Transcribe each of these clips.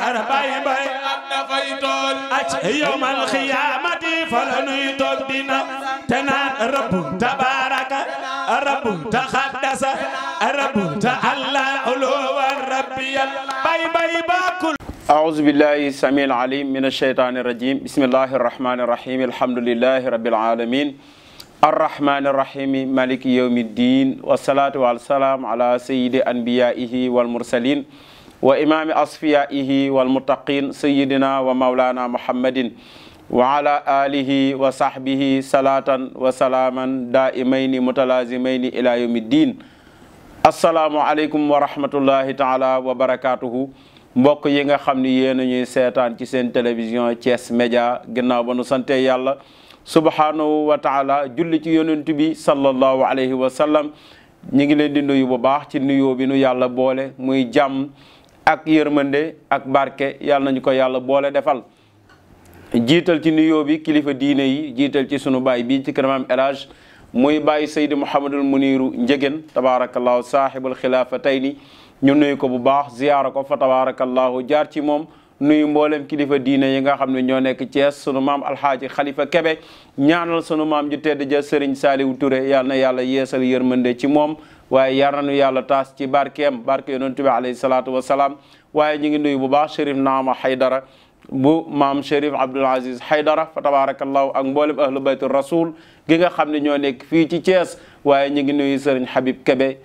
ذكر باي باي أنا فايتول يوم الخيامة فلنيتول بنا تنان رب تبارك رب تخدس رب تعلى علو ربي باي باي باكل أعوذ بالله السميع العليم من الشيطان الرجيم بسم الله الرحمن الرحيم الحمد لله رب العالمين الرحمن الرحيم مالك يوم الدين والصلاة والسلام على سيد أنبيائه والمرسلين وإمام أصفيائه والمتقين سيدنا ومولانا محمد وعلى آله وصحبه صلاة وسلاما دائمين متلازمين إلى يوم الدين السلام عليكم ورحمة الله تعالى وبركاته mbok yi nga xamni yeena ñuy seetaan ci seen télévision ties Média ginnaaw ba nu sante yàlla subhanahu wa taala julli ci yonent bi sallallahu alayhi wa sallam ñi ngi leen di nuyu bu baax ci nuyoo bi nu yàlla boole muy jàmm ak yërmande ak barke yàlla nañu ko yàlla boole defal jiital ci nuyoo bi kilifa diine yi jiital ci sunu baay bii ci kanamam elage muy bàyyi saydi mouhamadul muniru njegéen tabarakallahu saahibul xilaafa tey ni ñu nuyu ko bu baax ziyaara ko fa tabarakallahu jaar ci moom nuyu mbollem kilifa diine yi nga xamne ño nek ci Thiès sunu mam alhaji khalifa Kebe ñaanal sunu mam ju tedd ja Serigne Saliou Touré yal na yàlla yeesal yërmande ci mom waye yar nañu yàlla taas ci barkem barke yonent bi alayhi salaatu wasalaam waye ñi ngi nuyu bu baax sherif nama Haydara bu mam sherif abdul Aziz Haydara fa tabaarakallahu ak mbollem ahlu baytur rasul gi nga xamne ño nek fi ci ties waye ñi ngi nuyu Serigne Habib Kebe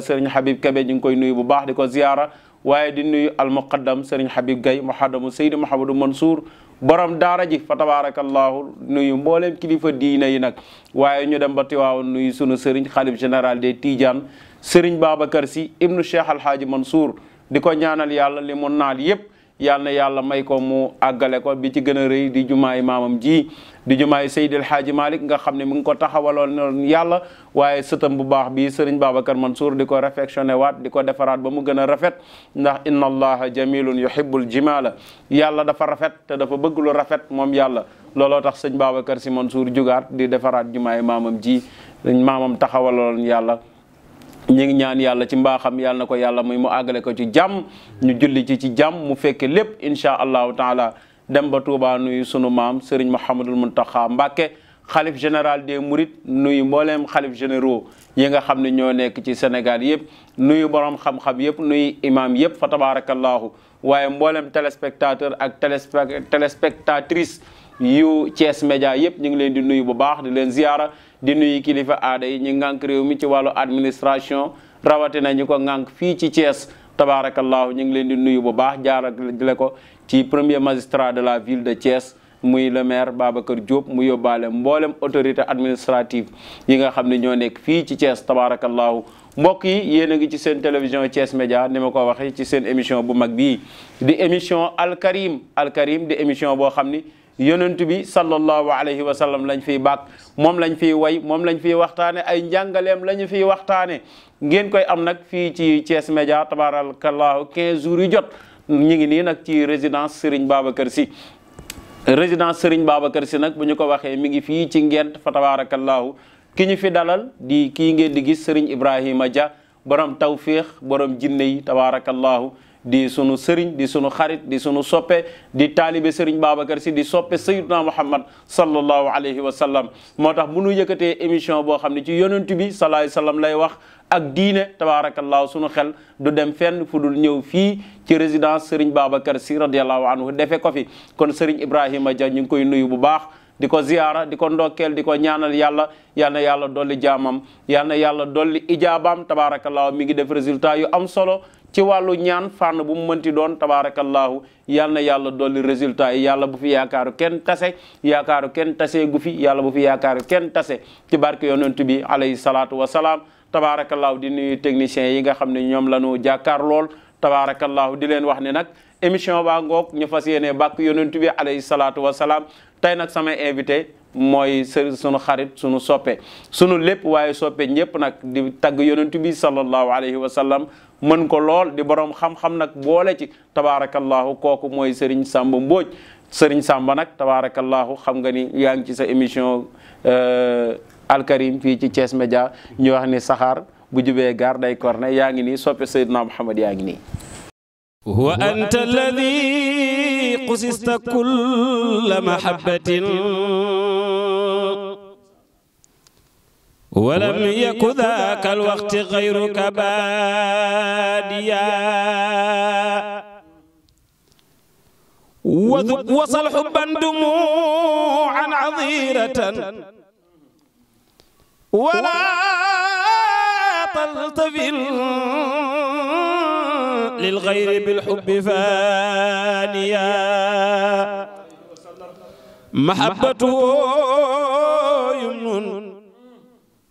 Serigne Habib Kebe ñi ngi koy nuyu bu baax diko ko waaye di nuyu almuqaddam Serigne Habib Gaye muhaddamu Seydi Mouhamadou Mansour borom daara ji fa tabarakallahu nuyu mbooleem kilifa diina yi nag waaye ñu dem ba Tiwaawan nuyu sunu Serigne xalif général des Tidiane Serigne Babacar Sy ibnu Cheikh Alhaaji Mansour di ko ñaanal yàlla li mu naal yépp yàlla na yàlla may ko mu àggale ko bi ci gën a rëy di jumaa yi maamam ji di jumaay Seydi El Hadji Malick nga xam ne mu ngi ko taxawaloon noonu yàlla waaye sëtam bu baax bi Serigne Babacar Mansour di ko réfectionné waat di ko defaraat ba mu gën a rafet ndax inna allaha jamilun yuhibbul jimala yàlla dafa rafet te dafa bëgg lu rafet moom yàlla looloo tax sëñ Babacar Sy Mansour jugaat di defaraat jumaay maamam ji maamam taxawaloon yàlla ñu ngi ñaan yàlla ci mbaaxam yàlla na ko yàlla muy mu àggale ko ci jàmm ñu julli ci ci jàmm mu fekke lépp incha allahu dem ba Touba nuyu sunu maam Serigne Mouhamadul Mountakha Mbacké xalif général des Mourides nuyu mbooleem xalif généraux yi nga xam ne ñoo nekk ci Sénégal yëpp nuyu borom xam-xam yëpp nuyu imam yëpp fa tabaarakallaahu waaye mbooleem téléspectateur ak téléspectatrice yu Thiès Média yëpp ñu ngi leen di nuyu bu baax di leen ziyaara di nuyu kilifa aada yi ñu ngànk réew mi ci wàllu administration rawatina ñu ko ngànk fii ci Thiès tabaarakallaahu ñu ngi leen di nuyu bu baax jaarale ko ci premier magistrat de la ville de Thiès muy le maire Babacar Diop mu yobale mbollem autorité administrative yi nga xamni ño nek fi ci Thiès tabarakallah mbok yi yéen ngi ci sen télévision Thiès Média nima ko waxe ci sen émission bu mag bi di émission Al Karim di émission bo xamni yonent bi sallallahu alayhi wa sallam lañ fi bak mom lañ fi way mom lañ fi waxtane ay njangalem lañ fi waxtane ngeen koy am nak fi ci Thiès Média tabarakallah 15 jours yu jot ñu ngi nii nag ci résidence Serigne Babacar Sy résidence Serigne Babacar Sy nag bu ñu ko waxee mi ngi fii ci Ngent fa tabaarakallaahu ki ñu fi dalal di kii ngeen di gis Serigne Ibrahima Dia borom tawféex borom jinne yi tabaarakallaahu di sunu sëriñ di sunu xarit di sunu soppe di taalibe sëriñ Babacar Sy di soppe sayyiduna Muhammad sallallahu alayhi wa sallam moo tax bu nu yëkkatee émission boo xam ne ci yonent bi salaay salaam lay wax ak diine tabaarakallaahu sunu xel du dem fenn fu dul ñëw fii ci résidence Serigne Babacar Sy radiallahu anhu defe ko fi kon Serigne Ibrahima Dia ñu ngi koy nuyu bu baax di ko ziyaara di ko ndokkeel di ko ñaanal yàlla yal na yàlla dolli jaamam yal na yàlla dolli ijaabaam tabaarakallaahu mi ngi def résultat yu am solo ci wàllu ñaan fànn bu mu mënti doon tabaarakallaahu yal na yàlla dolli résultat yi yàlla bu fi yaakaaru kenn tase yaakaaru kenn tase gu fi yàlla bu fi yaakaaru kenn tase ci barke yonent tabaarakallaahu di nuyu techniciens yi nga xam ne ñoom la ñu jàkkaar lool tabaarakallaahu di leen wax ne nag émission baa ngoog ñu fas yéene bàkk yonent bi alayhi salaatu wa salaam tey nag sama invité mooy së sunu xarit sunu soppe sunu lépp waaye soppe ñëpp nag di tagg yonent bi sallallahu alayhi wa sallam mën ko lool di boroom xam-xam nag boole ci tabaarakallaahu kooku mooy Serigne Samba Mbodj Serigne Samba nag tabaarakallaahu xam nga ni yaa ci sa émission. Euh, alkarim fii ci Thiès Média ñu wax ni saxaar bu jubee gaar day korne yaa ngi nii soppe Seydina Muhammad yaa ngi nii wa anta alladi qusista kulla mahabbatin ولم يك ذاك الوقت غيرك باديا وصل حبا دموعا عظيرة ولا تلتفل للغير بالحب فانيا محبته يمن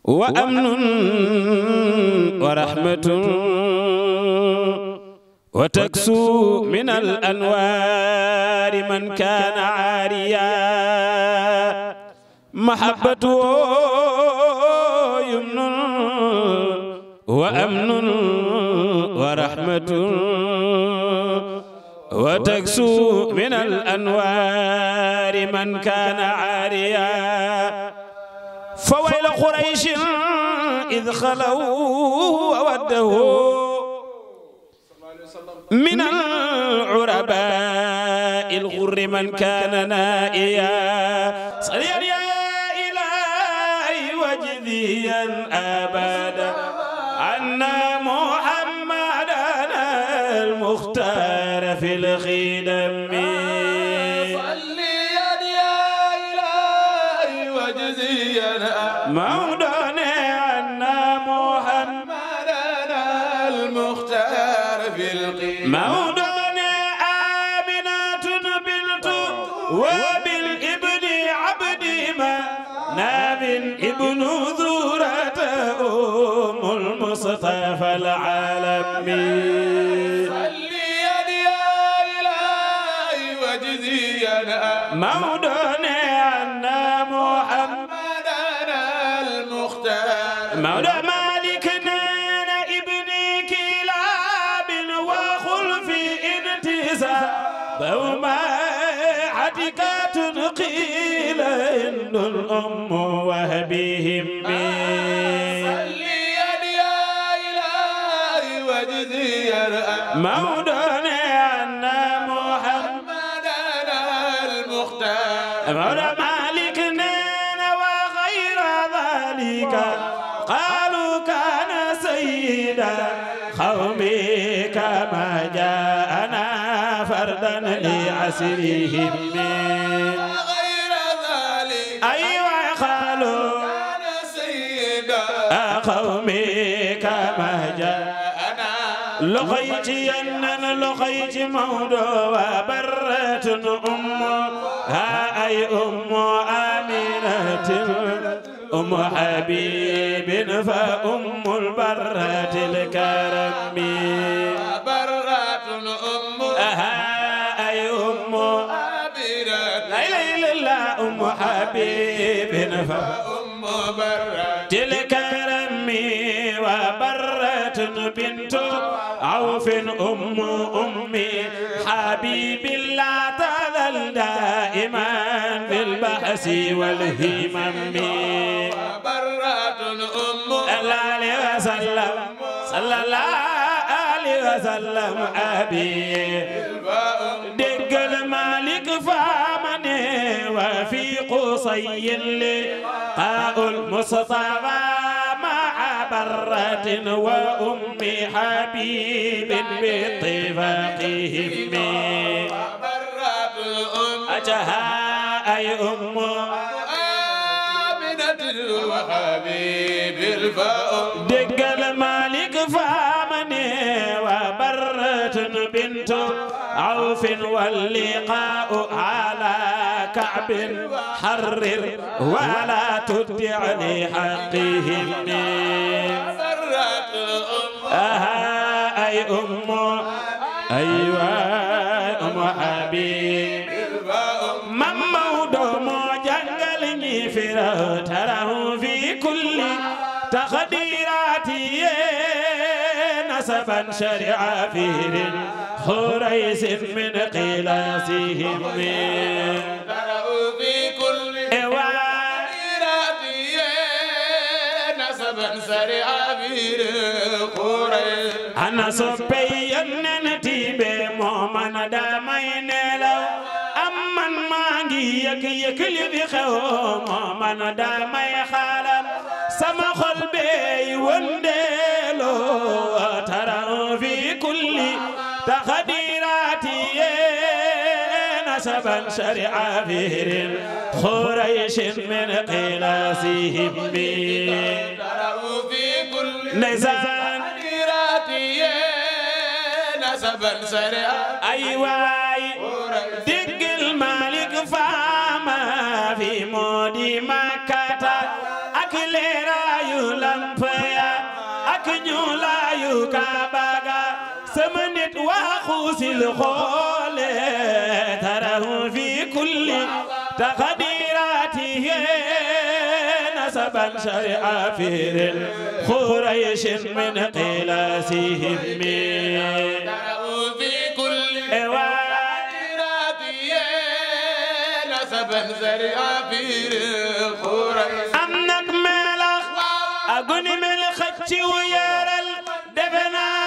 وأمن ورحمة وتكسو من الأنوار من كان عاريا محبته وأمن وأمن ورحمة وتكسو من الأنوار من كان عاريا فويل قريش إذ خلوا ووده من العرباء الغر من كان نائيا نبيا أبدا أن محمدا المختار في الخدم صليا يا إلهي وجزيا موضوعنا أن محمدا المختار في القدم موضوعنا آمنة بالت وبالابن عبدي ما ناب ابن ذو أم المصطفى العالمين صلي يا إلهي وجزيا مودنا أن محمدا المختار مولى مالكنا ابن كلاب وخلف انتزاع دوما عتكات قيل إن الأم وهبهم من مولدنا أن محمد المختار مولى مالكنا وغير ذلك قالوا كان سيدا قومي كما جاءنا فردا لعسرهم غير ذلك أيوة قالوا كان سيدا قومي كما جاءنا لقيتي أن لقيت موضوع وبرت أم ها أي أم آمنة أم حبيب فأم البرة الكرم برة أم ها أي أم آمنة لا أم حبيب فأم برة الكرم وبرة بنت يوسف أم أمي حبيبي لا تذل دائما في البأس والهمم برة أم الله وسلم صلى الله عليه وسلم أبي دق المالك فامني وفي قصي لقاء المصطفى مرة وأم حبيب باتفاقهم أجها أي أم آمنة وحبيب الفأم دق المالك فامني وبرة بنت عوف واللقاء على كعب حرر ولا تدعني حقهم أها أي أم أيوة أم حبيب من مودم جنجلني فره تراه في كل تقديراتي نسفا شرع فيه خريس من قلاسهم درأوا في كل وعائراتي نسبا سريعا بير خريس أنا صبي ننتي بمؤمن دامين لو أمن ماغي يك يك لي بخو مؤمن دامي خالم سما خلبي ون من شرع فيه قريش من قلاسهم بي في كل نزان نسبا سريع اي واي دق المالك فاما في مودي مكة اكل رايو لمبيا اك نيولايو كاباغا سمنت nit waa xuusil في كل تقديراته نسبا شرع فير خريش من قلاسهم في كل تقديراته نسبا شرع فير قريش أمنك ملخ أقني من الخج ويرى دفنا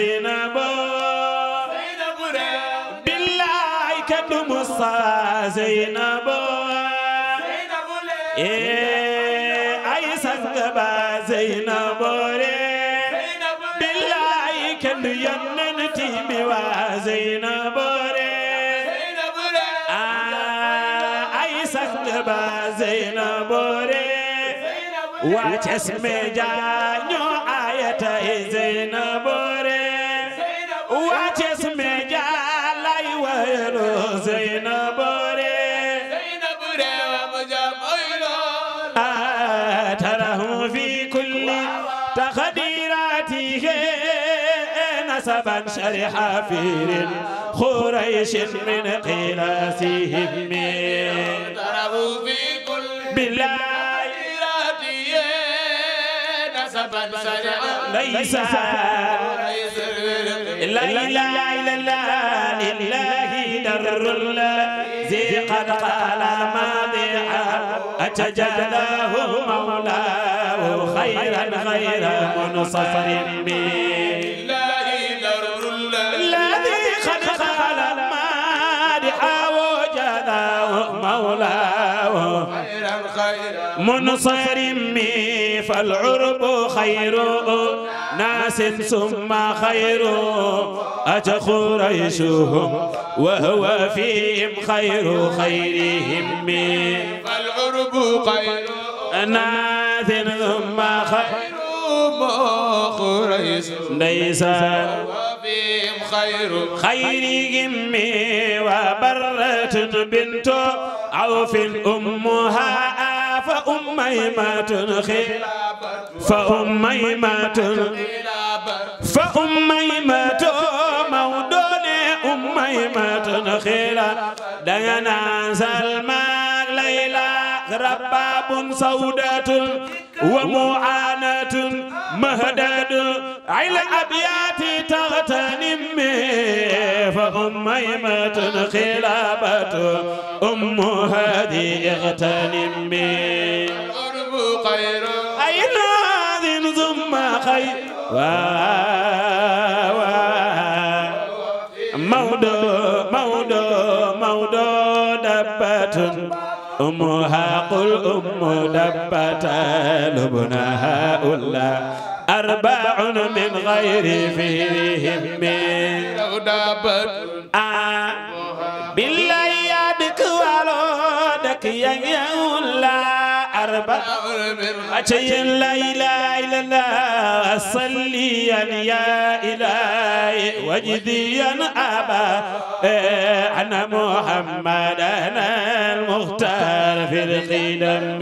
زينب زينب بالله كدم الصا زينب زينب إيه، اي سنغبا زينب بالله كن يننتي بوا زينب آه، اي زينب آية زينب أسأل حفير قريش من قلاسهم ضربوا في كل بالله نسبا سرعا ليس لا إله إلا الله لله در الله ذي قد قال ماضيعا أتجلاه مولاه خيرا غير منصصر به مولاه مولاه منصر مي فالعرب خير ناس ثم خير أتى قريشهم وهو فيهم خير خيرهم مي فالعرب خير ناس ثم خير قريش ليس وهو فيهم خير خيرهم وبرة بنت عوف أمها فأميمة فأميمة فأميمة مودون أميمة خيلا دينا سلمى ليلى رباب سودة ومعاناة مهدد على أبيات تغتنم فهم ميمة خلابة أم هذه اغتنم الغرب خير أين هذه ثم خير مودو مودو مودو دبة أمها قل أم دبتا لبنها ألا أربع من غير فيهم من دبت آه. بالله يدك ولودك يا ألا أربع أتي لا إله إلا الله صلي يا إلهي وجدي أبا إيه، أنا محمد أنا المختار في القدم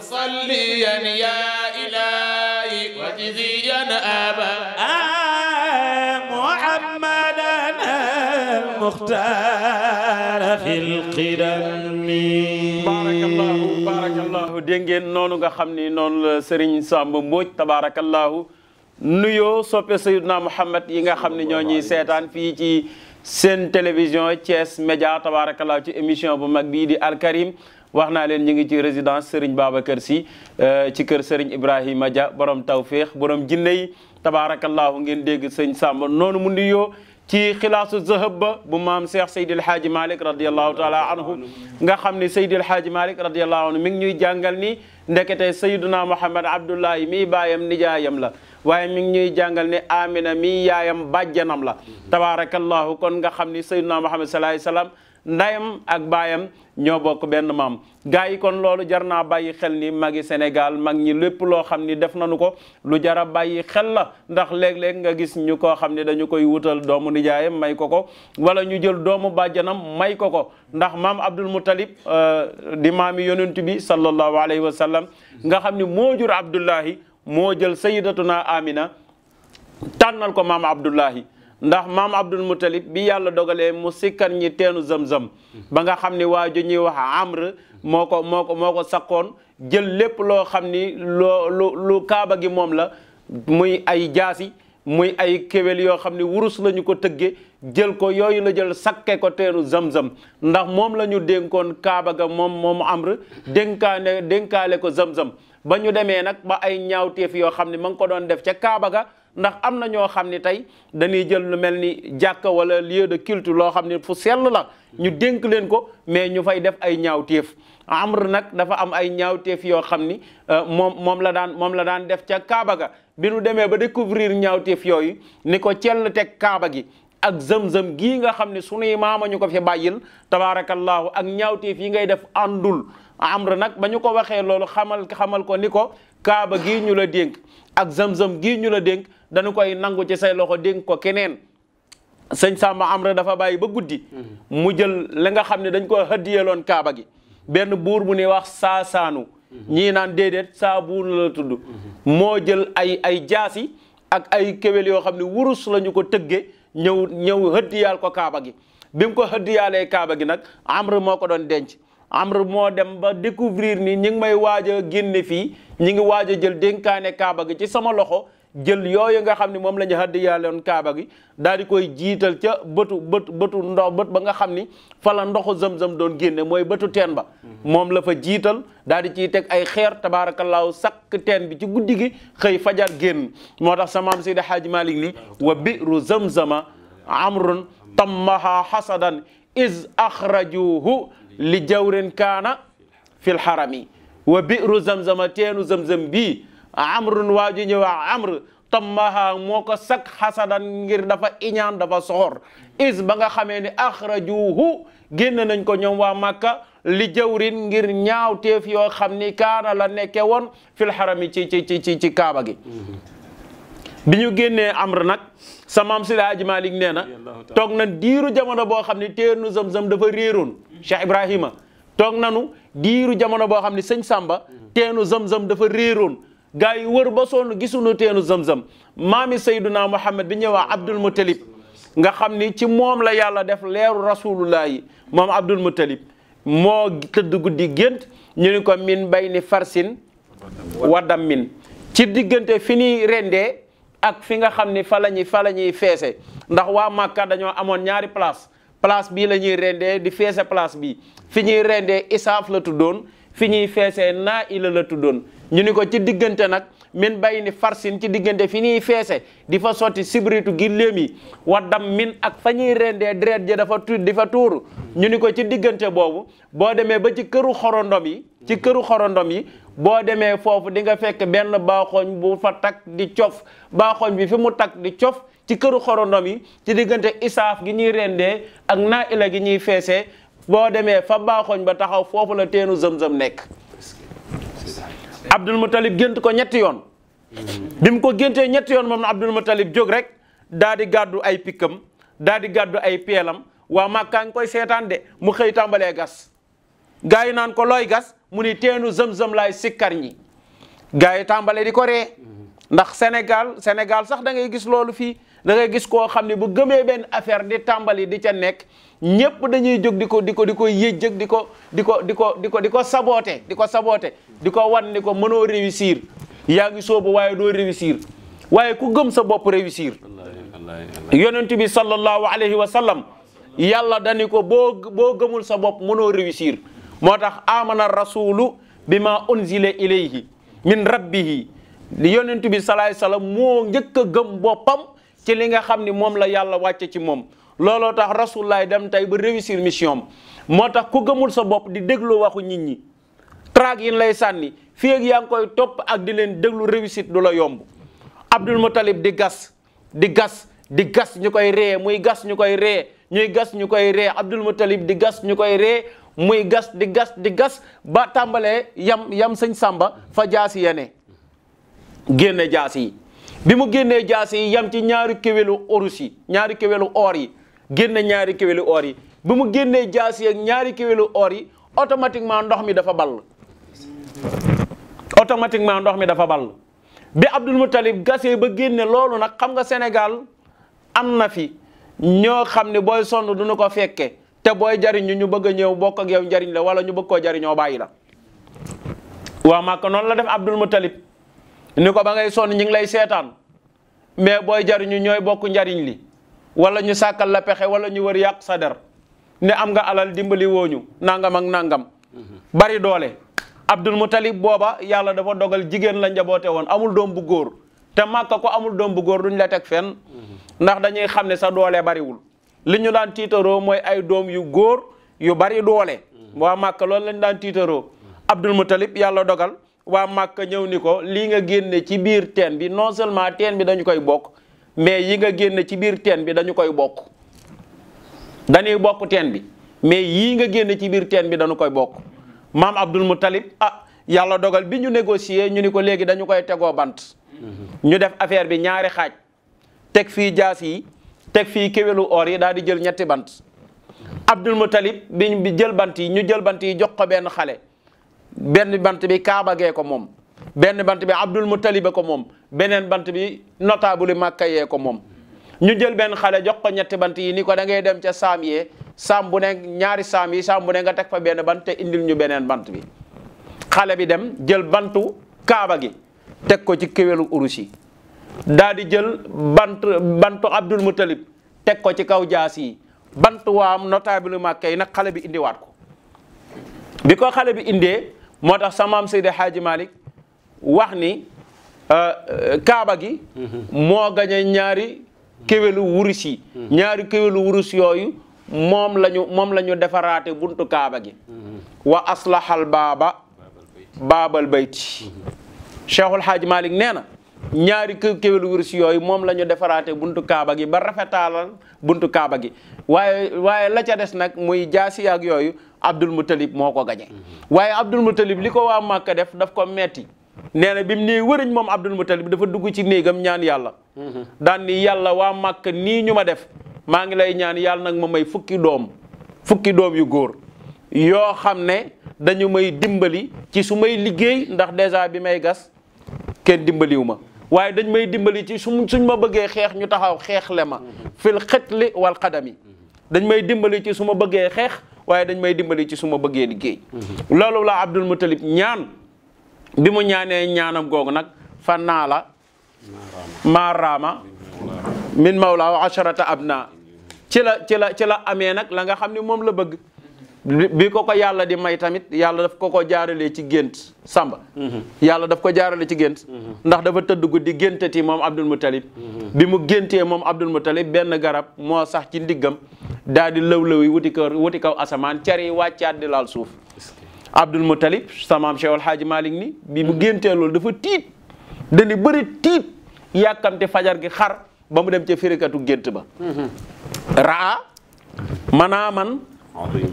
صليا يا إلهي وجدي أبا المختار في القدم barakallahu barakallahu dégg ngeen noonu nga xam ni noonu la Serigne mbooj Mbodj tabarakallahu nuyoo soppe Seydina Mouhamed yi nga xam ne ñoo ñuy seetaan fii ci seen télévision Thiès Média tabarakallahu ci émission bu mag bii di Al wax naa leen ñu ngi ci résidence Serigne Babacar Sy euh, ci kër Serigne Ibrahima Dia borom tawféex borom jinne yi tabarakallahu ngeen dégg sëñ Samba noonu mu nuyoo ci khilas zahab bu mam Cheikh sayyid al Hadji malik radiyallahu taala anhu nga xamni sayyid al Hadji malik radiyallahu anhu mi ngi ñuy jàngal ni ndekete sayyiduna Muhammad abdullah mi bayam nijaayam la waye mi ngi ñuy jàngal ni Amina mi yaayam bàjjanam la tabarakallah kon nga xamni sayyiduna muhammad sallallahu alayhi wasallam ndayam ak bayam ñoo bokk benn maam gars yi kon loolu jar naa bàyyi xel ni magi Sénégal mag ñi lépp loo xam ni def nañu ko lu jar a bàyyi xel la ndax léeg-léeg nga gis ñu koo xam ne dañu koy wutal doomu nijaayam may ko ko wala ñu jël doomu bàjjanam may ko ko ndax maam Abdul Muttalib euh, di maami yonent bi sallallahu alayhi wa sallam nga xam ni moo jur Abdullahi moo jël sayidatuna Amina tànnal ko maam Abdullahi ndax maam Abdul Muttalib bi yàlla dogalee mu sikkan ñi teenu zam-zam ba nga xam ni waa ju ñuy wax amr moo ko moo ko moo ko sakkoon jël lépp loo xam ni loo lu kaaba gi moom la muy ay jaasi muy ay kéwél yoo xam ni wurus lañu ko tëggee jël ko yooyu la jël sakke ko teenu zam-zam ndax moom la ñu dénkoon kaaba ga moom moom amr dénkaane dénkaale ko zam-zam ba ñu demee nag ba ay ñaawteef yoo xam ne ma ngi ko doon def ca kaaba ga ndax am na ñoo xam ni tey dañuy jël lu mel ni jàkka wala lieu de culture loo xam ni fu sell la ñu dénk leen ko mais ñu fay def ay ñaaw ñaawteef amr nag dafa am ay ñaawteef yoo xam ni euh, moom moom la daan moom la daan def ca Kaaba ga bi nu demee ba découvrir ñaawteef yooyu ni ko cell teg Kaaba gi ak zëm-zëm gii nga xam ne sunuy a ñu ko fi bàyyil tabaarakallaahu ak ñaaw teef yi ngay def àndul amr nag ba ñu ko waxee loolu xamal xamal ko ni ko kaaba gii ñu la dénk ak zëm-zëm gii ñu la dénk dañu koy nangu ci say loxo dénk ko keneen sëñ Samba Amra dafa bàyyi ba guddi mm-hmm. mu jël li nga xam ne dañ ko hëddiyeloon kaaba gi benn buur bu ne wax saasaanu mm-hmm. ñii naan déedéet saa la tudd mm-hmm. moo jël ay ay jaasi ak ay kéwél yoo xam ne wurus lañu ko tëggee ñëw ñëw hëddiyaal ko kaaba gi bi ko ko hëddiyaalee kaaba gi nag Amr moo ko doon denc Amr moo dem ba découvrir ni ñi ngi may waaj a génne fii ñi ngi waaj a jël dénkaane kaaba gi ci sama loxo jël yooyu nga xam ni moom la ñu hadiyaaloon kaaba gi daal koy jiital ca bëtu bët bëtu ndox bët ba nga xam ni fala ndoxu zëm-zëm doon génne mooy bëtu teen ba mhm. moom la fa jiital daal di ciy teg ay xeer tabaarakallaahu sakk teen bi ci guddi gi xëy fajar génn moo tax sa maam Seydi Haaji Malik ni wa biru zam-zama amrun tammaha hasadan is akhrajuhu li jawrin kaana fi harami wa biru zam-zama teenu zëm-zëm bii amrun waa ji ñëw amr tammaha moo ko sak xasadan ngir dafa iñaan dafa soxor is ba nga xamee ni axrajuhu génn nañ ko ñoom waa màkka li jawrin ngir ñaawteef yoo xam ni kaana la nekke woon fil xarami ci ci ci ci kaaba gi bi ñu génnee amr nag samaam maam si laaji malik nee na toog na diiru jamono boo xam ne téernu zam-zam dafa réeroon Cheikh Ibrahima toog nanu diiru jamono boo xam ni sëñ Samba teenu zam-zam dafa réeroon gaa yi wër ba sonn gisuñu teenu zam-zam maami sayduna muhammad bi ñëwaa abdul mutalib nga xam ni ci moom la yàlla def leeru rasulullah moom abdul mutalib moo tëdd guddi gént ñu ni ko miin bay ni farsin wadam min ci diggante fi ñuy rendee ak fi nga xam ni fa la ñuy fa la ñuy feese ndax waa Màkka dañoo amoon ñaari place place bii la ñuy rendee di feese place bii fi ñuy rendee isaaf la tuddoon fi ñuy feesee naa ila la tuddoon ñu ni ko ci diggante nag min bay ni farsin ci diggante fi ñuy feese di fa sotti sibritu giléem yi wa dam min ak fa ñuy rendee deret ja dafa tu di fa tuur ñu ni ko ci diggante boobu boo demee ba ci këru xorondom yi ci këru xorondom yi boo demee foofu di nga fekk benn baaxooñ bu fa takk di cof baaxooñ bi fi mu takk di cof ci këru xorondom yi diggante isaaf gi ñuy rendee ak naa ila gi ñuy feesee boo demee fa baaxooñ ba taxaw foofu la teenu zëm-zëm nekk abdul mutalib gentu ko ñetti yoon bim ko géntee ñetti yoon mom abdul mutalib jogrek rek daa di gàddu ay pikam daa di gàddu ay pelam wa màkkaa koy de mu xey gas gaay yi naan ko loy gas mu ni teenu zëm-zëm laay sikkar ñi gaay di ko ree ndax Sénégal Sénégal sax da ngay gis lolu fi, da ngay gis ko xamni bu afer ben affaire di tambali di ca nek ñépp dañuy jóg di ko di ko di ko di ko di ko di ko di ko di ko saboote di ko saboote di ko wan ni ko mënoo réussir yaa ngi soobu waaye doo réussir waaye ku gëm sa bopp réussir yonent bi sallallahu alayhi wa sallam yàlla dani ko boo boo gëmul sa bopp mënoo réussir moo tax amana rasulu bima unzila ilayhi min rabbihi yonent bi salaay salaam moo njëkk a gëm boppam ci li nga xam ni moom la yàlla wàcce ci moom lolo tax rasulullah dem tay ba réussir mission motax ku gëmul sa bop di déglu waxu nit ñi trag yi lay sanni fi ak yang koy top ak di leen déglu réussite dula yomb Abdul Mutalib di gas di gas di gas ñukoy ré muy gas ñukoy ré ñuy gas ñukoy ré Abdul Mutalib di gas ñukoy ré muy gas di gas di gas ba tambalé yam yam Samba fa jasi ya ne jasi bimu yi jasi yam ci ñaari kewelu orusi ñaari kewelu or yi génne ñaari kewelu or yi bu mu génnee jaasi ak ñaari kewelu or yi automatiquement ndox mi dafa ball automatiquement ndox mi dafa ball bi abdul mutalib gasee ba génne loolu nak xam nga sénégal amna fi ño xamné boy sonu duñu ko fekke té jari jariñu ñu bëgg ñew ñëw ak yow jariñ la wala ñu bëgg ko jariñoo bàyyi la wa Màkka non la def abdul mutalib niko ba ngay sonu ñing lay seetaan mais jari jariñu ñoy bokk njariñ li wala ñu sàkkal la pexe wala ñu wër yàq sa der ne am nga alal dimbali wooñu nangam ak nangam. bari doole Abdul Mutalib booba yàlla dafa dogal jigéen la njaboote woon amul doom bu góor te màkka ko amul doom bu góor duñ la teg fenn ndax dañuy xam ne sa doole bariwul li ñu daan tiitaroo mooy ay doom yu góor yu bari doole waa màkka loolu lañ daan tiitaroo Abdul Mutalib yàlla dogal waa màkka ñëw ni ko lii nga génne ci biir teen bi non seulement teen bi dañu koy bokk mais yi nga génn ci biir teen bi dañu koy bokk dañuy bokk teen bi mais yii nga génn ci biir teen bi dañu koy bokk maam Abdul Muttalib ah yàlla dogal bi ñu négocier ñu ni ko léegi dañu koy tegoo bant. ñu def affaire bi ñaari xaaj teg fii jaas yi teg fii kéwélu or yi daal di jël ñetti bant Abdul Muttalib bi bi jël bant yi ñu jël bant yi jox ko benn xale benn bant bi Kaaba gee ko moom benn bant bi Abdul Muttalib ko moom beneen bant bi notable màkka yee ko moom ñu jël benn xale jox ko ñetti bant yi ni ko da dem ca saam yee saam bu ne ñaari saam yi saam bu ne nga teg fa benn bant te indil ñu beneen bant bi xale bi dem jël bantu kaaba gi teg ko ci kéwélu urus yi daa di jël bant bantu abdul mutalib teg ko ci kaw jaas yi bantu waam notable màkka yi nag xale bi indiwaat ko bi ko xale bi indee moo tax samaam seydi haaji malik wax ni Euh, kaaba gi moo gañe ñaari kéwélu wurus yi ñaari kéwélu wurus yooyu moom lañu moom la defaraate buntu kaaba gi wa aslahal baaba baabal bayti cheikhul haaji malik nee na ñaari kë kéwélu wurus yooyu moom la ñu defaraate buntu kaaba gi ba rafetaalal buntu gi waaye waaye la ca des nag muy jaasi ak yooyu abdul mutalib moo ko gañe mm-hmm. waaye abdul mutalib li ko waa màkka def daf ko metti nee na bi mu nee wëriñ moom Abdul Mutalib dafa dugg ci néegam ñaan yàlla mhm. daan ni yàlla waa Màkka nii ñu ma def maa ngi lay ñaan yàlla nag ma may fukki doom fukki doom yu góor yoo xam ne dañu may dimbali ci su may liggéey ndax dèjà bi may gas kenn dimbaliwu ma waaye dañ may dimbali ci su suñ ma bëggee xeex ñu taxaw xeexle ma fil xitli wal xadami dañ may dimbali ci su ma bëggee xeex waaye dañ may dimbali ci su ma bëggee liggéey mhm. loolu la Abdul Mutalib ñaan bi mu ñaanee ñaanam googu nag fa naa la maaraama min mawlaa wa asharata abna ci la ci la ci la amee nag la nga xam ne moom la bëgg bi ko ko yàlla di may tamit yàlla daf ko ko jaaralee ci gént samba yàlla daf ko jaarale ci gént ndax dafa tëdd guddi géntati moom abdul mutalib bi mu géntee moom abdul mutalib benn garab moo sax ci ndiggam daal di lëw-lëw yi wuti kaw asamaan car yi wàccaat laal suuf Abdul Muttalib samaam Cheikh El Hadj ni bi mu mm-hmm. géntee loolu dafa tiit dali bëri tiit yàkkamte fajar gi xar ba mu dem ca firikatu gént ba mm-hmm. raa manaaman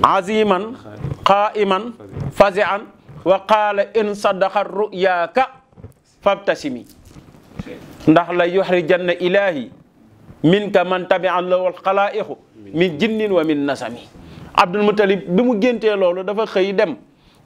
aziman qaiman fazian wa qaala in sadaqa ruyaaka fabtasimi ndax la yuxrijanna ilaahi minka man tabian lawal xalaa'iqu min jinnin wa min nasami abdul mutalib bi mu géntee loolu dafa xëy dem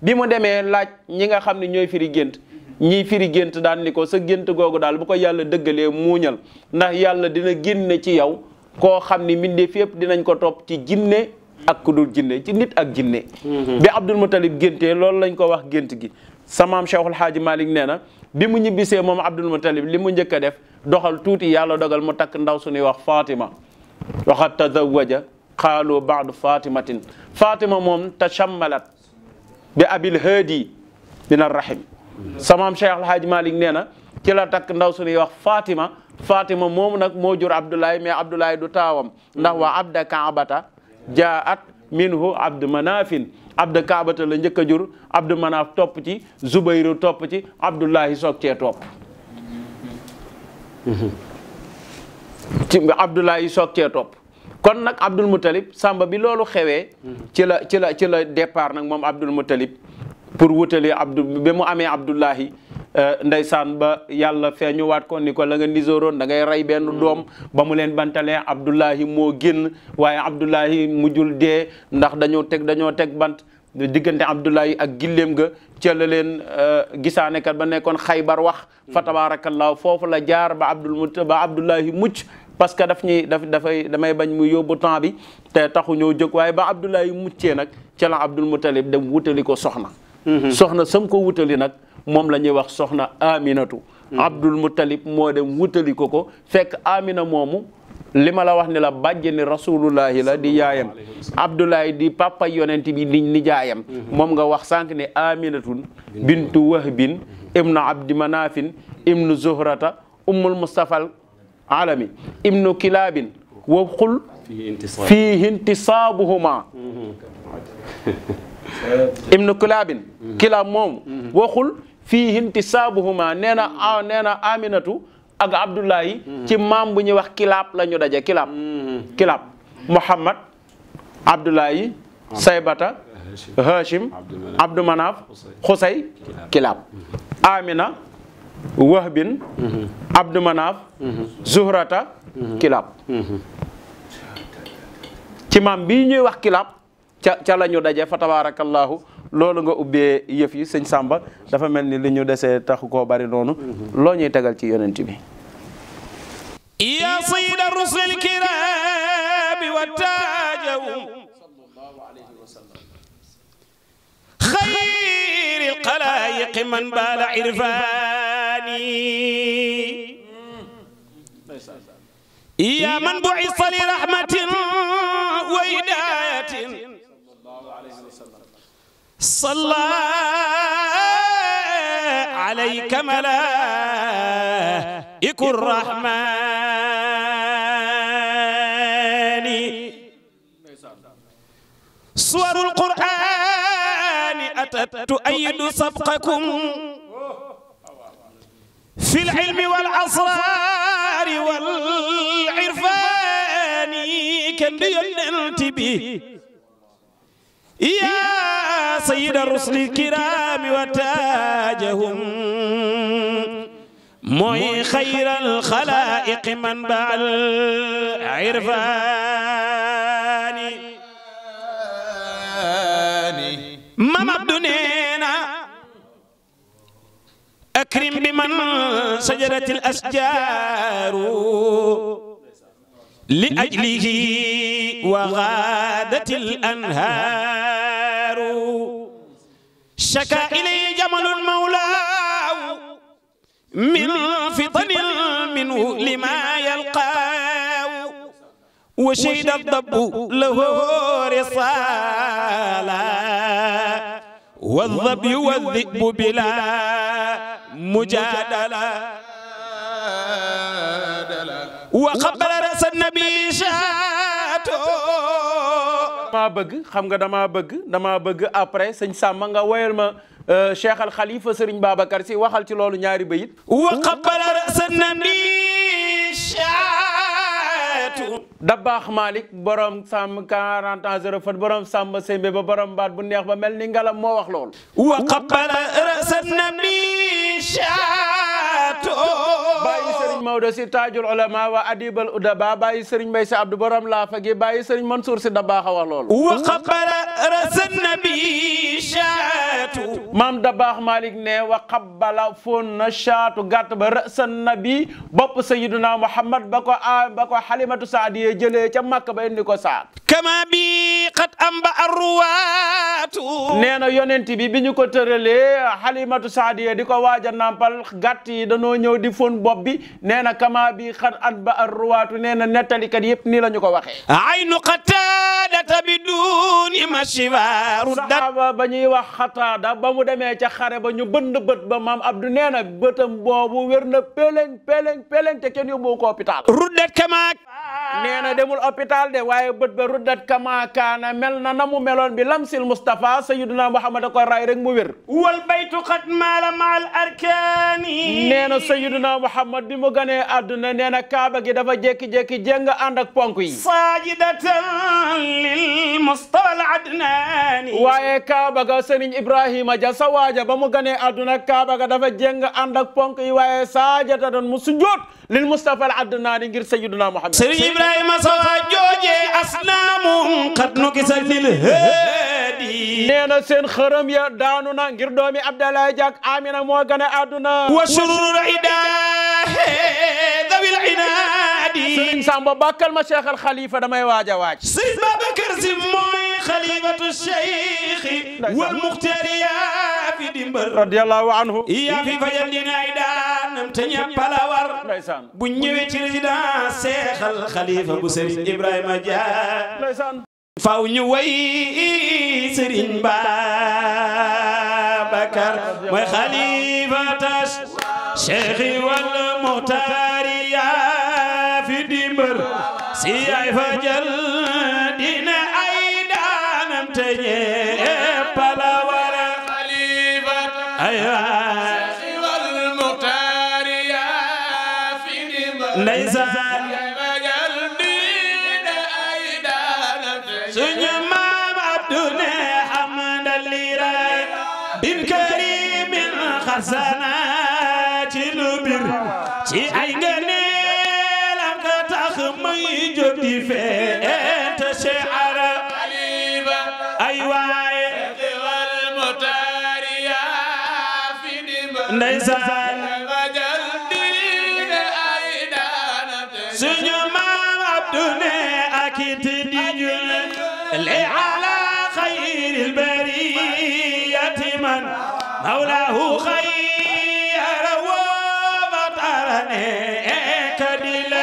bi mu demee laaj ñi nga xam ne ñooy firi gént ñii firi gént daan ni ko sa gént googu daal bu ko yàlla dëggalee muuñal ndax yàlla dina génne ci yow koo xam ni mbindeef yépp dinañ ko topp ci jinne ak ku dul jinne ci nit ak jinne mhm. bi Abdul Muttalib géntee loolu lañ ko wax gént gi samaam Cheikhul Xaaji Malik nee na bi mu ñibbisee moom Abdul Muttalib li mu njëkk a def doxal tuuti yàlla dogal mu takk ndaw su ñuy wax Fatima waxat tazawaja xaalu baadu Fatimatin Fatima moom tachammalat bi abil haadi min arrahim samaam Cheikh Alhaaji Malick nee na ci la takk ndaw su ñuy wax Fatima Fatima moomu nag moo jur Abdoulaye mais Abdoulaye du taawam ndax waa abda kaabata jaat minhu abdu manafin abda kaabata la njëkk a jur abdu manaf topp ci Zubayru topp ci Abdoulahi soog cee topp mhm. ci Abdoulahi soog cee topp kon nag Abdul Muttalib sàmba bi loolu xewee. Mhm. ci la ci la ci la départ nag moom Abdul Muttalib pour wutali Abdu ba mu amee Abdullahi euh, ndeysaan ba yàlla feeñuwaat ko ni ko la nga nisooroon da ngay rey benn mhm. doom ba mu leen bantalee Abdullahi moo génn waaye Abdullahi mujjul dee ndax dañoo teg dañoo teg bant. diggante Abdoulaye ak gilleem ga ca la leen euh, gisaanekat ba nekkoon xaybar wax fa mhm. tabaarakallaahu foofu la jaar ba Abdul ba Abdoulaye mucc parce que daf ñuy daf dafay damay bañ mu yóbbu temps bi te taxu ñëw jóg waaye ba Abdoulaye muccee nag ca la Abdul dem wutali ko soxna mhm. soxna sam ko wutali nag moom la ñuy wax soxna Aminatu mhm. Abdul Muttalib moo dem wutali ko ko fekk Amina moomu li ma la wax ni la bàjjeni rasulullahi la di yaayam Abdoulaye di papa yonent bi nijaayam mhm. moom nga wax sànq ni Aminatun bintu Wahbin ibnu Abdi Manafin ibnu Zuhrata ummul Mustafal عالمي ابن كلاب وقل فيه انتصابهما ابن كلاب كلاب موم وقل فيه انتصابهما نينا آه نينا آمنة ak Abdoulaye ci maam bu ñuy wax kilaab la ñu daje kilaab kilaab Muhammad Abdoulaye Saybata Hashim Abdou Manaf Xusay kilaab Amina wahbin abdu manaaf zuhrata kilaab ci maam bi ñuy wax kilaab ca ca la ñu daje fa tabaarakallaahu loolu nga ubbee yëf yi sëñ Samba dafa mel ni li ñu desee taxu koo bari noonu loo ñuy tegal ci yonent bi ya sayida rusul kiraami wa taajawum خير القلائق من بال عرفاني يا من بعث لرحمة وهداية صلى عليك ملائك الرحمن صور القرآن تؤيد سبقكم في العلم والأسرار والعرفان كن ينلت به يا سيد الرسل الكرام وتاجهم موي خير الخلائق من بعد العرفان أكرم بمن سجرت الأشجار لأجله وغادت الأنهار شكا إلي جمل مولاه من فطن منه لما يلقى وشيد الضب له رصالا والظبي والذئب بلا مجادلة وقبل رأس النبي شاتو damaa bëgg xam nga damaa bëgg damaa bëgg après sëñ Samba nga woyal ma Cheikh Al Khalifa Serigne Babacar si waxal ci loolu ñaari bayit wa qabala ra'sa nabi shaatu da baax Malick borom sàmm 40 ans zéro fët borom sàmm sembe ba borom baat bu neex ba mel ni ngalam moo wax lool mawdo si taajul ulama wa adibal udaba baye serigne mbaye abdou borom la gi baye serigne mansour si dabaaxa xawal lol wa khabara rasul nabi shaatu Mam dabaax malik ne wa qabala fun na gat ba rasul nabi bop sayyiduna muhammad bako a bako halimatu saadiye jele ca makka ba indi ko saat kama bi xat amba arruwaatu nee na yonent bi biñu ko terele halimatu saadiye diko waja nampal gatti dano ñew di fon bop bi ne neena kama bi xat at ba ar ruwaatu neena netali kat yep ni lañu ko waxe aynu qataadata bi duuni masiwaaru saxaaba wax khatada ba mu demee xare ba ñu bënd bëtt ba mam abdu neena bëtam bobu werna peleng peleng peleng te ken yu ko hôpital ruddat kama neena demul hôpital de waye bëtt ba ruddat kama kana mel namu melon bi lamsil mustafa sayyiduna muhammad ko ray rek mu wer wal baytu qad maala ma al arkani neena sayyiduna muhammad bi mu ganee àdduna nee na kaaba gi dafa jékki-jékki jéng ànd ponk yi saajidatan lil mustafa al adnani waaye kaaba ga sëriñ ibrahima ja sa ba mu ganee àdduna kaaba ga dafa jéng ànd ak ponk yi waaye saajidatan mu sujjoot lil mustafa al adnani ngir sayyiduna muhammad sëriñ ibrahima sa waaja joojee nee na seen xërëm ya daanu na ngir doomi Amina moo gën a àdduna wa surur idaa dawil inaadi sëriñ Samba bàkkal ma Cheikh al Khalifa damay waaj a waaj sëriñ Babacar Si mooy xalifatu cheikhi wal muxtaari yaa fi dimbal radiyallahu anhu yaa fi fajal dinaay daanam te ñëpp la war bu ci résidence Cheikh al bu sëriñ Ibrahima Dia فاونيوي سرين با بكر وخليفه شيخ والمتاريا في ديمر سي اي فجل دين ايدا نمتني بلا ولا خليفه ايوا شيخ والمتاريا في ديمر xasana ci lu ay ngëneel ka tax muy jóg di feent Cheikh Ara Aliba ay waaye wal mutariya fi dimba ndeysaan suñu maam Abdu ne akiti حوله خير ومطرني كدل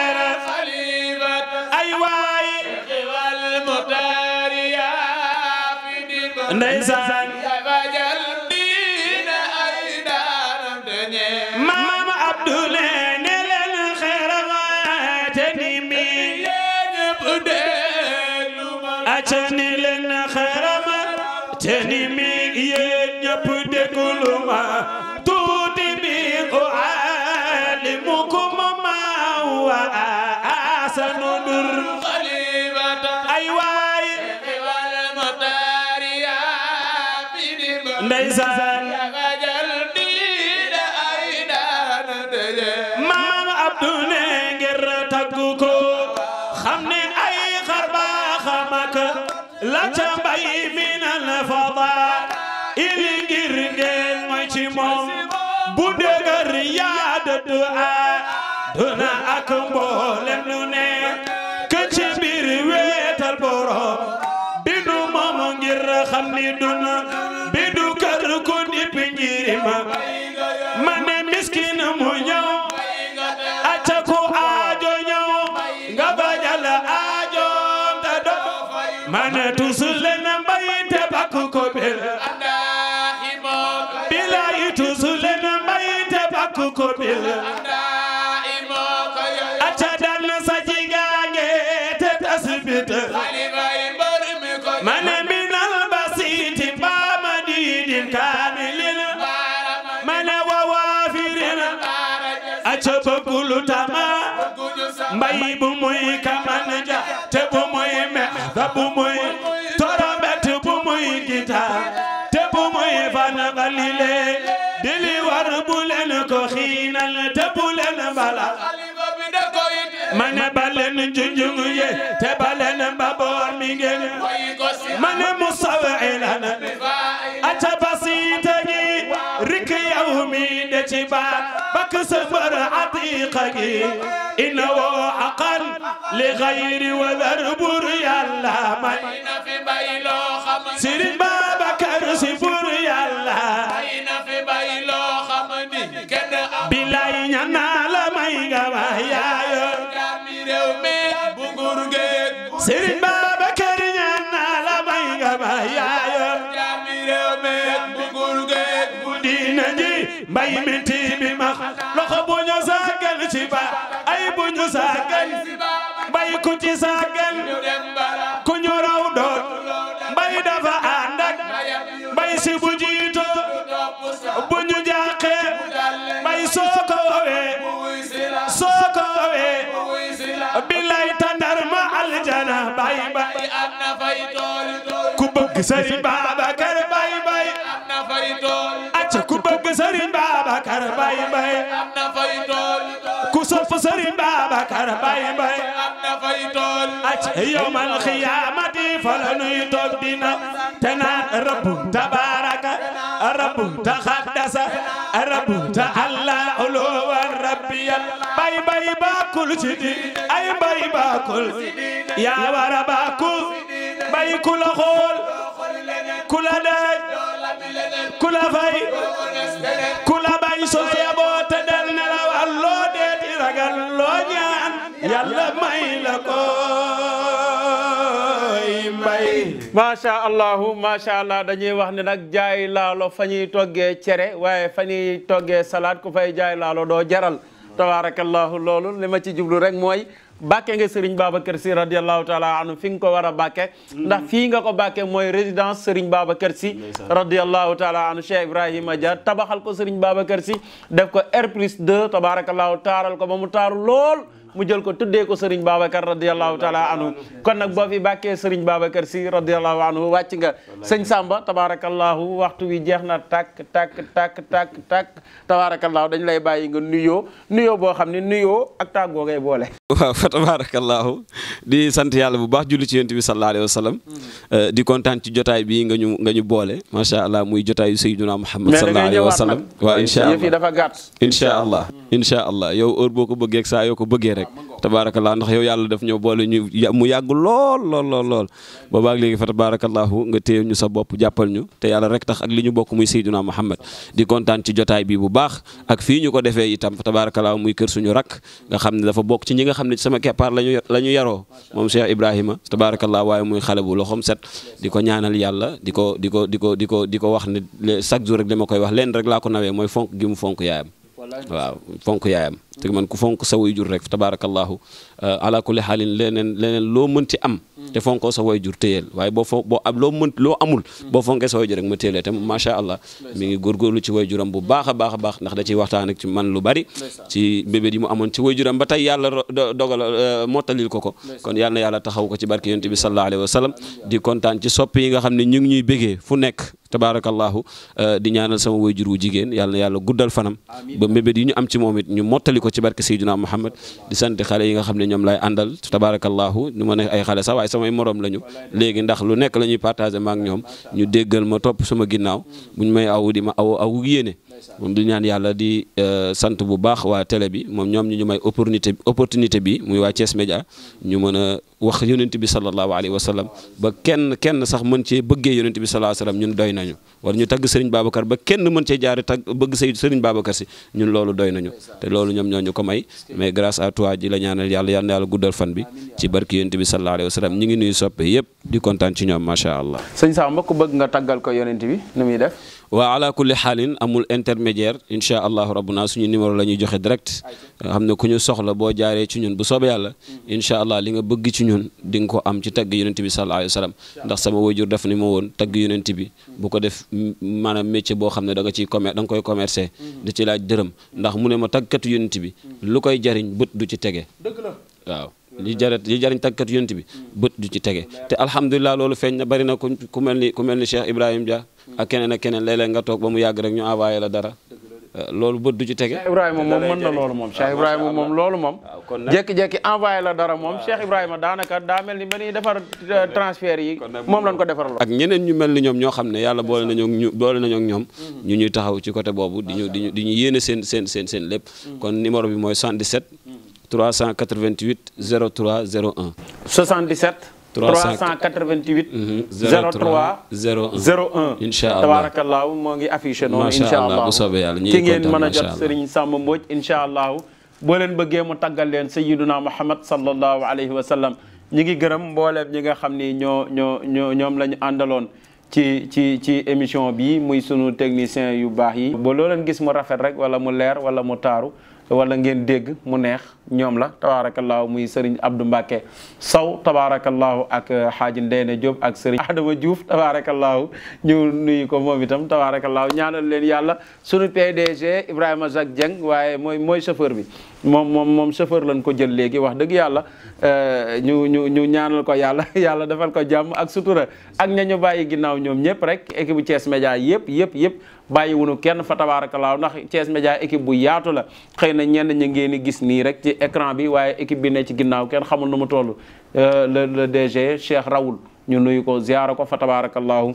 خليفة أيواي والمطاريا في نيسان Atene ma yagajal diine ay daana deje maam abdu ne ngir taggu xam ne ay xar baax a la ca bay minal fada ili ngir ngeen mooy ci moom bu dëgër yaa dëddu a duna ak mboolem lu ne këcc biir weetal borom bindu moom ngir xam ni duna tu sulle na mbayi te bakku ko bil andahi mo bilahi tu sulle na mbayi te mbay bu muy kaman ja te bu muy mex da bu muy torobet bu muy gitaar te bu muy fana balile dili war bu leen ko xiinal te bu leen bala ma ba leen junjung ye te ba leen baboor mi ngeen ma ne musawe elana فكسفر عطيقك إنه عقل لغير بريا يلا مين في بيلو خمدي سير بابا كرسي بريا يلا مين في بيلو خمد بلاي نالا مين غبا يا سيرين بابا كرسي نالا مين غبا يا يا ميرو ميك بغورغي بدينا جي باي منتي bay ku ci ku ñu raw doon bay dafa ànd ak bay si bu bu ñu jaaxee bay soo ko woowee soo ma aljana bay bay ku bëgg sëriñ Babacar bay bay acca ku bëgg sëriñ Babacar bay bay Bakar bay bay am na fay tool ac yawmal xiyaamati fa la nuy toog dina te naan rabbu tabaraka rabbu taxaddasa rabbu ta allah uluwa rabbiyal bay bay baakul ci di ay bay baakul yaa wara baakul bay ku la xool ku la daaj ku la fay ku la bay sooya boo yàlla may la koy may. macha allah macha allah wax ne nag jaay laalo fa ñuy toggee cere waaye fa ñuy toggee salade ku fay jaay laalo doo jaral. tabaarakallahu loolu li ma ci jublu rek mooy bàkke nga Serigne Babacar Sy radiallahu taala anhu fi nga ko war a bàkke mm-hmm. ndax fii nga ko bàkke mooy résidence Serigne Babacar Sy radiallahu taala anhu Cheikh Ibrahima Dia tabaxal ko Serigne Babacar Sy def ko R plus 2 taaral ko ba mu taaru lool mu jël ko tuddee ko Serigne Babacar radiallahu taala anhu kon nag boo fi bàkkee Serigne Babacar si radiallahu anhu wàcc nga sëñ Samba tabaarakallahu waxtu wi jeex na tàkk tàkk tàkk tàkk tàkk tabaarakallahu dañ lay bàyyi nga nuyoo nuyoo boo xam ne nuyoo ak tàggoo ngay boole waaw fa tabaarakallaahu di sant yàlla bu baax julli ci yonent bi sallallaahu alayhi wa sallam mm-hmm. di kontaan ci jotaay bii nga ñu nga ñu boole macha allah muy jotaayu Seydina Muhammad sallallaahu alayhi wa sallam waaw incha allah dafa gàtt incha allah incha allah yow heure boo ko bëggee ak saa yoo ko bëggee rek tabaarakallaahu ndax yow yàlla daf ñëw boole ñu mu yàgg lool lool lool lool boobaak léegi fa tabaarakallaahu nga téye ñu sa bopp jàppal ñu te yàlla rek tax ak li ñu bokk muy Seydina Muhammad di kontaan ci jotaay bi bu baax ak fii ñu ko defee itam fa tabaarakallaahu muy kër suñu rakk nga xam ne dafa bokk ci ñi nga xam ne sama keppaar lañu la ñu yaroo moom Cheikh Ibrahima tabaarakallaahu waaye muy xale bu loxom set di ko ñaanal yàlla di ko di ko di ko di ko di ko wax ne chaque jour rek dama koy wax leen rek laa ko nawee mooy fonk mu fonk yaayam waaw fonk yaayam te man ku fonk sa way jur rek tabaarakallahu ala kulli xaalin leneen leneen loo mënti am te fonkoo sa way jur téyeel waaye boo foo boo am loo mën loo amul boo fonkee sa way jur rek ma téyelee tam macha allah mi ngi góorgóorlu ci way juram bu baax a baax a baax ndax da ciy waxtaan ak ci man lu bari ci bébé yi mu amoon ci way juram ba tey yàlla dogal mottalil ko ko kon yàlla na yàlla taxaw ko ci barke yonent bi sallallahu alayhi wa sallam di kontaan ci sopp yi nga xam ne ñu ngi ñuy bégee fu nekk tabaarakallahu di ñaanal sama wayjur wu jigéen yàlla na yàlla guddal fanam ba mbébét yi ñu am ci moom it ñu mottali ko ci barke Seydina Muhammad di sant xale yi nga xam ne ñoom lay àndal tabaarakallaahu ñu ma ne ay xale sax waaye samay morom lañu léegi ndax lu nekk la ñuy partagé ak ñoom ñu déggal ma topp sama ginnaaw buñ may awu di ma aw awu yéene moom du ñaan yàlla di euh, sant bu baax waa télé bi moom ñoom ñu ñu may opportunité opportunité bi muy waa Thiès Média ñu mën a wax yonent bi sallallahu alayhi wa ba kenn kenn sax mën ci bëggee yonent bi sallallahu alayhi wa sallam ñun doy nañu wala ñu tagg Serigne Babacar ba kenn mën cee jaari tagg bëgg say Serigne Babacar si ñun loolu doy nañu te loolu ñoom ñoo ñu ko may mais grâce à toi ji la ñaanal yàlla yal na yàlla guddal fan bi ci barki yonent bi sallallahu alayhi wa sallam ñu ngi nuyu soppe yëpp di kontaan ci ñoom macha allah. sëñ Sam mbokk bëgg nga taggal ko yonent bi nu muy def. وعلى كل حال امول انترميدير ان شاء الله ربنا سوني نيميرو لا نيو جوخي ديريكت خامنا كو نيو سوخلا بو جاري سي نون بو سوب يالله ان شاء الله ليغا بغي سي نون دينكو ام سي تاغ يونت بي صلى الله عليه وسلم داخ سما وجور داف ني مو وون تاغ يونت بي بو كو ديف مانا ميتي بو خامنا داغا سي كومير داغ كوي كوميرسي دي سي لاج ديرم داخ مو ني ما تاغ كات يونت بي لوكاي جارين بوت دو سي تيغي دغ لا واو li jara li jariñ tàggat yonent bi bët du ci tege te alhamdulilah loolu feeñ na bari na ku mel ni ku mel ni Cheikh Ibrahim Dia ak keneen ak keneen léeg nga toog ba mu yàgg rek ñu envoyé la dara euh, loolu bët du ci tege. Cheikh Ibrahima moom mën loolu moom Cheikh Ibrahima moom loolu moom. jékki-jékki envoyé la dara moom Cheikh Ibrahima daanaka daa mel ni ba defar euh, transfert yi moom lañ ko defaral. ak ñeneen ñu mel ni ñoom ñoo xam ne yàlla boole nañoo ñu boole nañoo ñoom. Mm-hmm. ñu ñuy taxaw ci côté boobu di ñu di ñu di ñu yéene seen seen seen seen lépp. Mm-hmm. kon numéro bi mooy cent 77 388 03 01. 77. 388. 03 01 incha allah tabaarakallaahu moo ngi affiché noonu. incha allah bu soobee yàlla ñuy kontaan ngeen mën a jot Serigne Samba Mbodj incha allah. boo leen bëggee mu tàggal leen sayyiduna Muhammad sallallahu alayhi wa sallam ñi ngi gërëm mbooleem ñi xam ni ñoo ñoo ñoo ñoom la ñu àndaloon. ci ci ci émission bi muy sunu technicien yu baax yi. ba loo leen gis mu rafet rek wala mu leer wala mu taaru. wala ngeen dégg mu neex ñoom la tabaarakallaahu muy sëriñ Abdou Mbacke saw tabaarakallaahu ak xaaji euh, Ndeyne Diop ak sëriñ Adama Diouf tabaarakallaahu ñu nuy ko moom itam tabaarakallaahu ñaanal leen yàlla su sunu PDG Ibrahima Jacques Dieng waaye mooy mooy chauffeur bi moom moom moom chauffeur lañ ko jël léegi wax dëgg yàlla euh, ñu ñu ñu ñaanal ko yàlla yàlla defal ko jàmm ak sutura ak ña ñu bàyyi ginnaaw ñoom ñëpp rek équipe cees Thiès Média yëpp yëpp yëpp bàyyiwunu kenn fa tabaarakallaa ndax cees Média équipe bu yaatu la xëy na ñenn ñu ngeen di gis nii rek ci écran bi waaye équipe bi ne ci ginnaaw kenn xamul nu mu toll euh, le DG Cheikh rawul ñu nuyu ko ziyaara ko fa tabaarakallaahu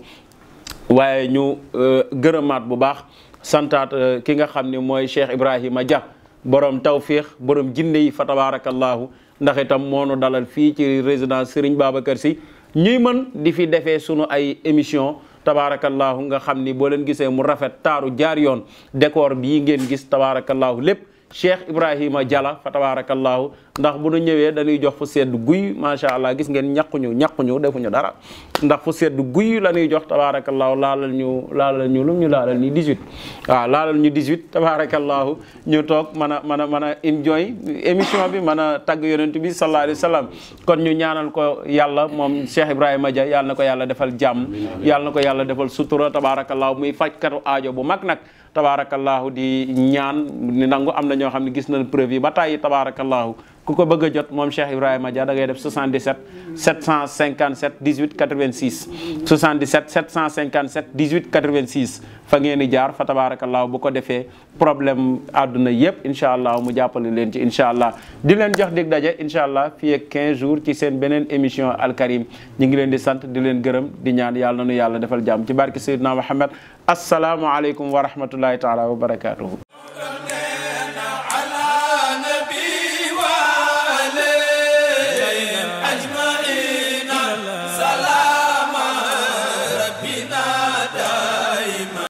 waaye ñu euh, gërëmaat bu baax santaat ki nga xam ni mooy Cheikh Ibrahima Dia borom tawfiix borom jinne yi fa tabaarakallaahu ndax itam moonu dalal fii ci résidence Serigne Babacar Sy ñuy mën di fi defee sunu ay émission tabaarakallaahu nga xam ni boo leen gisee mu rafet taaru jaar yoon décor bii ngeen gis tabaarakallaahu lépp Cheikh Ibrahima Jalla fa tabaarakallaahu ndax bu nu ñëwee dañuy jox fu sedd guy macha allah gis ngeen ñàkkuñu ñàkkuñu defuñu dara ndax fu sedd guy la ñuy jox tabaarakallaahu laalal ñu laalal ñu lum ñu laalal ñu 18. waaw laalal ñu 18 tabaarakallaahu ñu toog mën a mën a mën a enjoy émission bi mën a tagg yonent bi sallallaahu alayhi kon ñu ñaanal ko yàlla moom Cheikh Ibrahima Dia yàlla na ko yàlla defal jàmm. yàlla na ko yàlla defal sutura tabaarakallaahu muy fajkatu aajo bu mag nag. tabaarakallaahu di ñaan ni nangu am na ñoo xam ne gis nañ preuve yi ba tàyyi tabaarakallaahu ku ko bëgg a jot moom Cheikh Ibrahima Dia da ngay def 77 757 18 86 77 757 18 86 fa ngeen di jaar bu ko defee problème àdduna yëpp incha allah mu jàppale leen ci incha allah di leen jox dig daje incha allah fii ak 15 jours ci seen beneen émission Al Karim ñu ngi leen di sant di leen gërëm di ñaan yàlla na nu yàlla defal jaam ci barke Seydina Muhammad asalaamualeykum wa rahmatullahi taala wa barakaatuhu